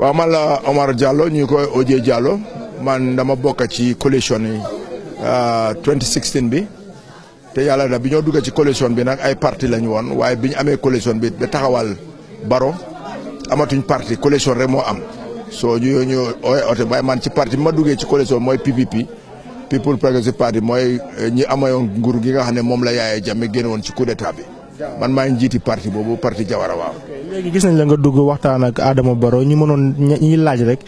waaw man la Omar Diallo ñu koy Odie Diallo man dama bokk ci coalition yi 2016 ah, bi te yàlla da bi ñoo duggee ci coalition bi nag ay parti la ñu woon waaye bi ñu amee coalition bi ba taxawal baro amatuñ parti coalition rek moo am soo ñu ñu ooy oote waaye man ci parti bi ma duggee ci coalition mooy PPP People Progressive Party mooy eh, ñu amayoon nguur gi nga xam ne moom la Yaya Jammeh génn woon ci coup bi. man maa ngi parti bobu parti Jawara waaw. léegi gis nañ la nga dugg waxtaan ak Adama Baro ñi mënon ñi laaj rek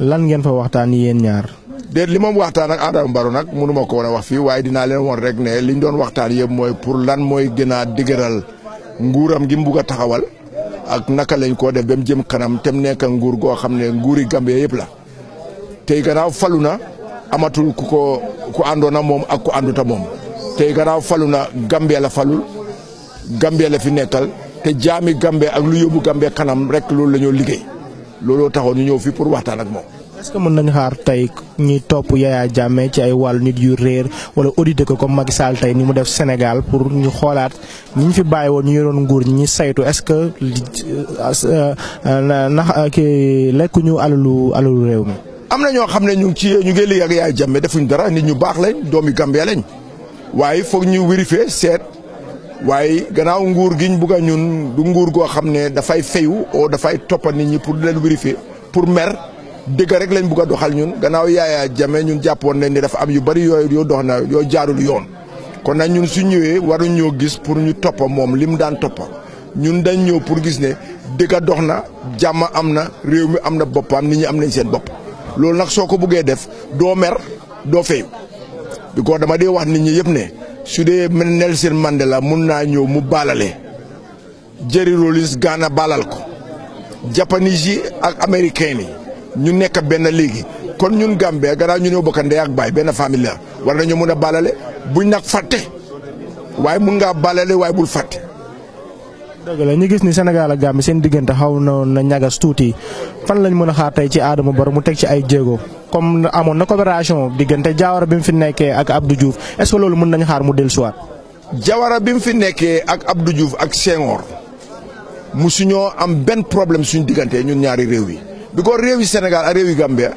lan ngeen fa waxtaan yeen ñaar. de li moom waxtaan ak Adama Baro nak mënuma ko woon wax fi waye dina leen won rek ne liñ doon waxtaan yeb moy pour lan moy gëna digëral nguuram gi mu taxawal ak naka lañ ko def ba jëm kanam tem mu nekk nguur go xamne nguuri Gambie yeb la tey gannaaw faluna amatul kuko ku andona mom ak ku anduta mom tey gannaaw faluna Gambie la falul. Gambie la fi nekkal te jaami Gambie ak lu yóbbu Gambie kanam rek loolu la ñoo liggéey looloo taxoon ñu ñëw fi pour waxtaan ak moom. est-ce que mën nañu xaar tey ñi topp Yaya Jammeh ci ay wàllu nit yu réer wala audité ko comme Macky ni mu def Sénégal pour ñu xoolaat ñi ñu fi bàyyi woon ñu yoroon nguur ñi saytu est-ce que na euh, euh, euh, kii lekk ñu alalu alalu réew mi. am na ñoo xam ne ñu ngi ci ñu ngi liggéey ak Yaya Jammeh defuñ dara nit ñu baax lañ doomi Gambie lañ waaye gannaaw nguur giñ bugg a ñun du nguur goo xam ne dafay fayu o dafay toppa nit ñi pour di leen vérifier pour mer dëgg rek lañ bugg a doxal ñun ganaaw Yaya jamee ñun jàppoon nañ ni dafa am yu bari yooyu yoo dox na yoo jaarul yoon. kon nag ñun su ñëwee waruñ ñoo gis pour ñu toppa moom li mu daan toppa ñun dañ ñëw pour gis ne dëgg dox na jàmm am na réew mi am na boppam nit ñi am nañ seen bopp loolu nag soo ko buggee def doo mer doo fayu bi ko dama dee wax nit ñi yëpp ne. su dee Nelson Mandela mun naa ñëw mu baalale Jerry gaana Ghana baalal ko japanese yi ak américain yi ñu nekk benn léegi kon ñun Gambia gannaaw ñu ne bokk ak baay benn famille la war nañu mun a baalale bu nag fàtte waaye mun ngaa baalale waaye bul fàtte. dëgg la ñu gis ni Sénégal ak Gambie seen diggante xaw na na ñagas tuuti fan lañ mën a xaar tey ci Adama Barrow mu teg ci ay jéego. comme amone na coopération jawara jawara bi fi nekké ak Abdou Diouf est-ce que loolu mën nañ xaar mu dellusiwaat. wat jawara mu fi nekké ak Abdou Diouf ak Senghor musuñoo am ben problème suñu digënté ñun ñaari réew yi bi ko réew yi Sénégal ak réew yi Gambia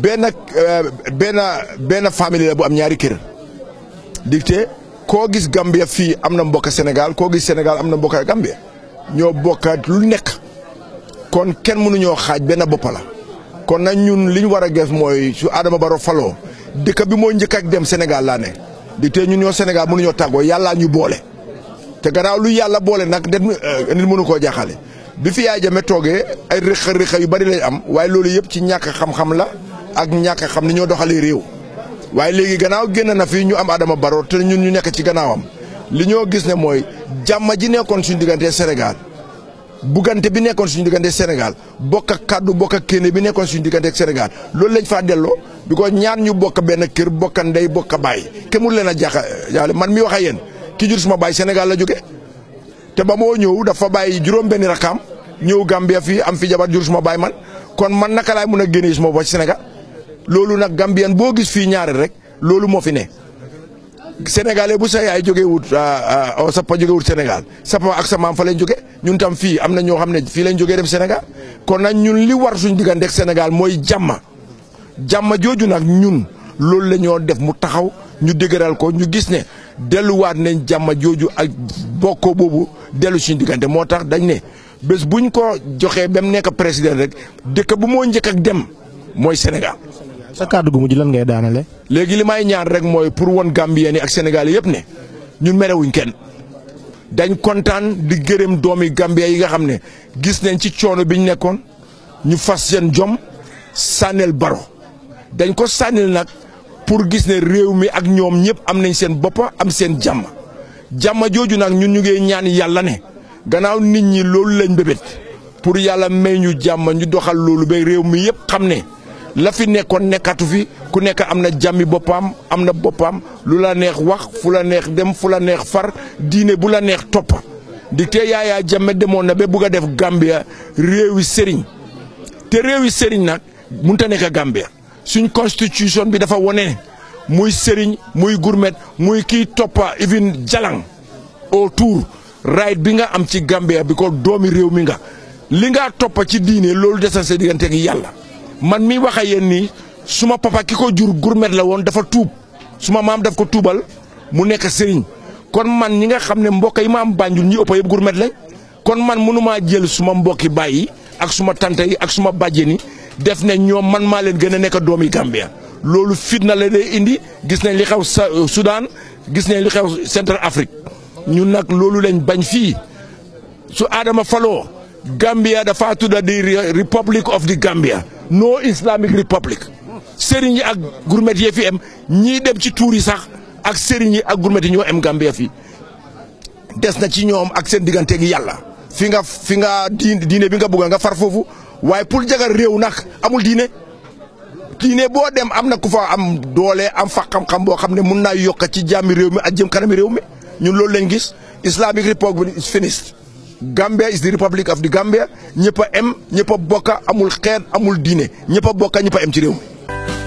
bena euh, ben ben family la bu am ñaari kër digte ko gis Gambia fi amna boka mbokk Sénégal Senegal gis Sénégal amna mbokk Gambia ño bokkat lu nekk kon ken mënu xaaj xaj bopala. bopala kon nag ñun li ñu war a gës mooy su Adama Barrow faloo dëkk bi mooy njëkk ak dem Sénégal laa ne di te ñun ñoo Sénégal mënuñoo tàggoo yàllaa ñu boole te ganaaw lu yàlla boole nag det eh, nit mënu koo jaxale bi fi yaay jame toogee ay rëqa rëqa yu bari lañ am waaye loolu yëpp ci ñàkk xam-xam la ak ñàkk xam ni ñoo doxalee réew waaye léegi gannaaw génn na fi ñu am Adama Barrow te ñun ñu nekk ci gannaawam li ñoo gis ne mooy jàmm ji nekkoon suñu diggante Sénégal Bukan bi nekkon suñu diggante Sénégal bokk ak kàddu bokk ak kéene bi nekkon suñu diggante ak Sénégal loolu lañ fa delloo biko ñaan ñu bokk ben kër bokk ndey bokk bay ke mu leena man mi wax ak ki jur suma bay Sénégal la jóge te ba moo ñëw dafa bay juroom ben rakam ñew Gambia fi am fi jabar jur suma bay man kon man naka lay mëna gënë suma bay Sénégal loolu nak Gambien bo gis fi ñaar rek loolu mo fi Sénégalais bu sa yaay joggé wut ah, ah, oh, sa pa joggé wut Sénégal sa pa ak sa mam fa lañ joggé ñun tam fii am na ñoo xam ne fii lañ jógee dem Sénégal kon nag ñun li war suñ diggante ak Sénégal mooy jàmma jàmma jooju nag ñun loolu la def mu taxaw ñu dëgëral ko ñu gis ne delluwaat nañ jàmma jooju ak bokkoo boobu dellu suñ diggante moo tax dañ ne bés buñ ko joxe ba mu nekk président rek dëkk bu moo njëkk ak dem mooy Sénégal. sa kàddu gu mujj lan ngee daanale. léegi li may ñaan rek mooy pour won Gambien yi ak Sénégal yëpp ne ñun merewuñ kenn. dañ kontaan di gërëm doomi Gambia yi nga xam ne gis nañ ci coono bi ñu nekkoon ñu fas seen jom sànneel baro dañ ko sànneel nag pour gis ne réew mi ak ñoom ñëpp am nañ seen boppa am seen jàmm jàmm jooju nag ñun ñu ngi ñaan yàlla ne gannaaw nit ñi loolu lañ bébét pour yàlla may ñu jàmm ñu doxal loolu ba réew mi yëpp xam ne la fi nekkoon nekkatu fi ku nekk am na jàmmi boppam am na boppam lu la neex wax fu la neex dem fu la neex far diine bu la neex topp dicté Yaya Jammeh demoon na ba bugg a def réew yi sëriñ te yi sëriñ nag mënut a nekk Gambia suñ constitution bi dafa wone muy sëriñ muy gurmet muy kii toppa even jalang autour right bi nga am ci Gambia bi ko doomi réew mi nga li ngaa toppa ci diine loolu desal sa diggante yàlla man mi wax a nii suma papa ki ko jur gurmet la woon dafa tuub suma maam daf ko tuubal mu nekk sëriñ kon man ñi nga xamne ne mbokk yi ma am Banjul ñi ëpp yëpp bayi, lañ kon man mënumaa jël suma mbokki bayyi ak suma tante yi ak suma badje ni def ne ñoom man ma leen gëna nekk doomi Gambia lolu fitna la lay indi gis nañ li xew Soudan euh, gis nañ li xew Central Afrique ñun nak lolu lañ bañ fi su Adama falo Gambia dafa tudda di Republic of the Gambia no Islamic Republic serigne ak gourmet yi fi am ñii dem ci touri sax ak sëriñ yi ak gurmet yi ñoo am Gambia fii des na ci ñoom ak seen gi yàlla fi nga fi nga diine bi nga bëgg nga far foofu waaye pour jagar réew nag amul diine diine boo dem am na ku fa am doole am fa xam-xam boo xam ne mun naa yokk ci jàmmi réew mi ak jëm kanami réew mi ñu loolu lañ gis Islamic Republic is finished Gambia is the Republic of the Gambia ñëpp a am ñëpp bokk amul xeet amul diine ñëpp a bokk ñëpp a ci réew mi